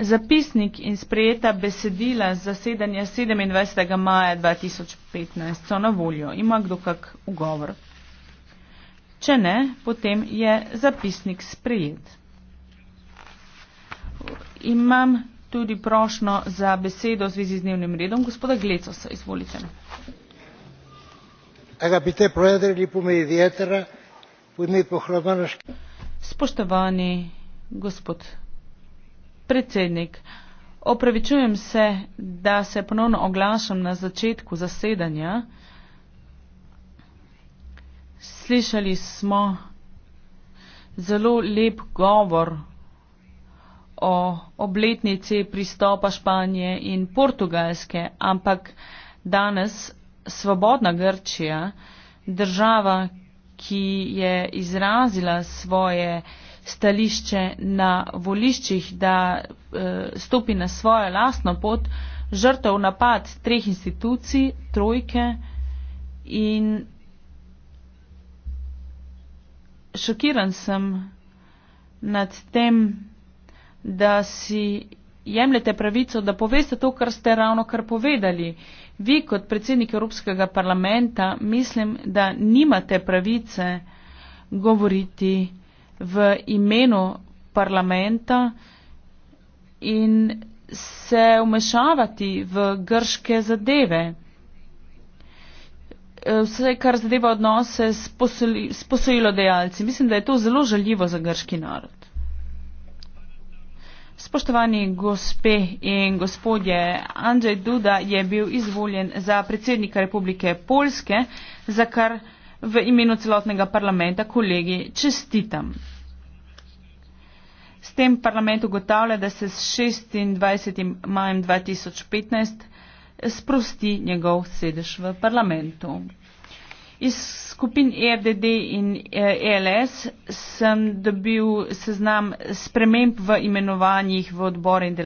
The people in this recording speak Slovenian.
Zapisnik in sprejeta besedila z zasedanja 27. maja 2015 so na voljo. Ima kdo kak ugovor? Če ne, potem je zapisnik sprejet. Imam tudi prošno za besedo v zvezi z dnevnim redom. Gospoda Glecosa, izvolite. Spoštovani gospod Predsednik, opravičujem se, da se ponovno oglašam na začetku zasedanja. Slišali smo zelo lep govor o obletnici pristopa Španije in Portugalske, ampak danes Svobodna Grčija, država, ki je izrazila svoje stališče na voliščih, da eh, stopi na svojo lastno pot, žrtev napad treh institucij, trojke in šokiran sem nad tem, da si jemljete pravico, da poveste to, kar ste ravno kar povedali. Vi kot predsednik Evropskega parlamenta mislim, da nimate pravice govoriti v imenu parlamenta in se vmešavati v grške zadeve. Eh, vse, kar zadeva odnose s, posoli, s posojilodajalci. Mislim, da je to zelo žaljivo za grški narod. Spoštovani gospe in gospodje, Andrzej Duda je bil izvoljen za predsednika Republike Polske, za kar v imenu celotnega parlamenta kolegi čestitam. S tem parlament ugotavlja, da se s 26. majem 2015 sprosti njegov sedež v parlamentu. Iz skupin RDD e in ELS eh, e sem dobil seznam sprememb v imenovanjih v odbore in delovanje.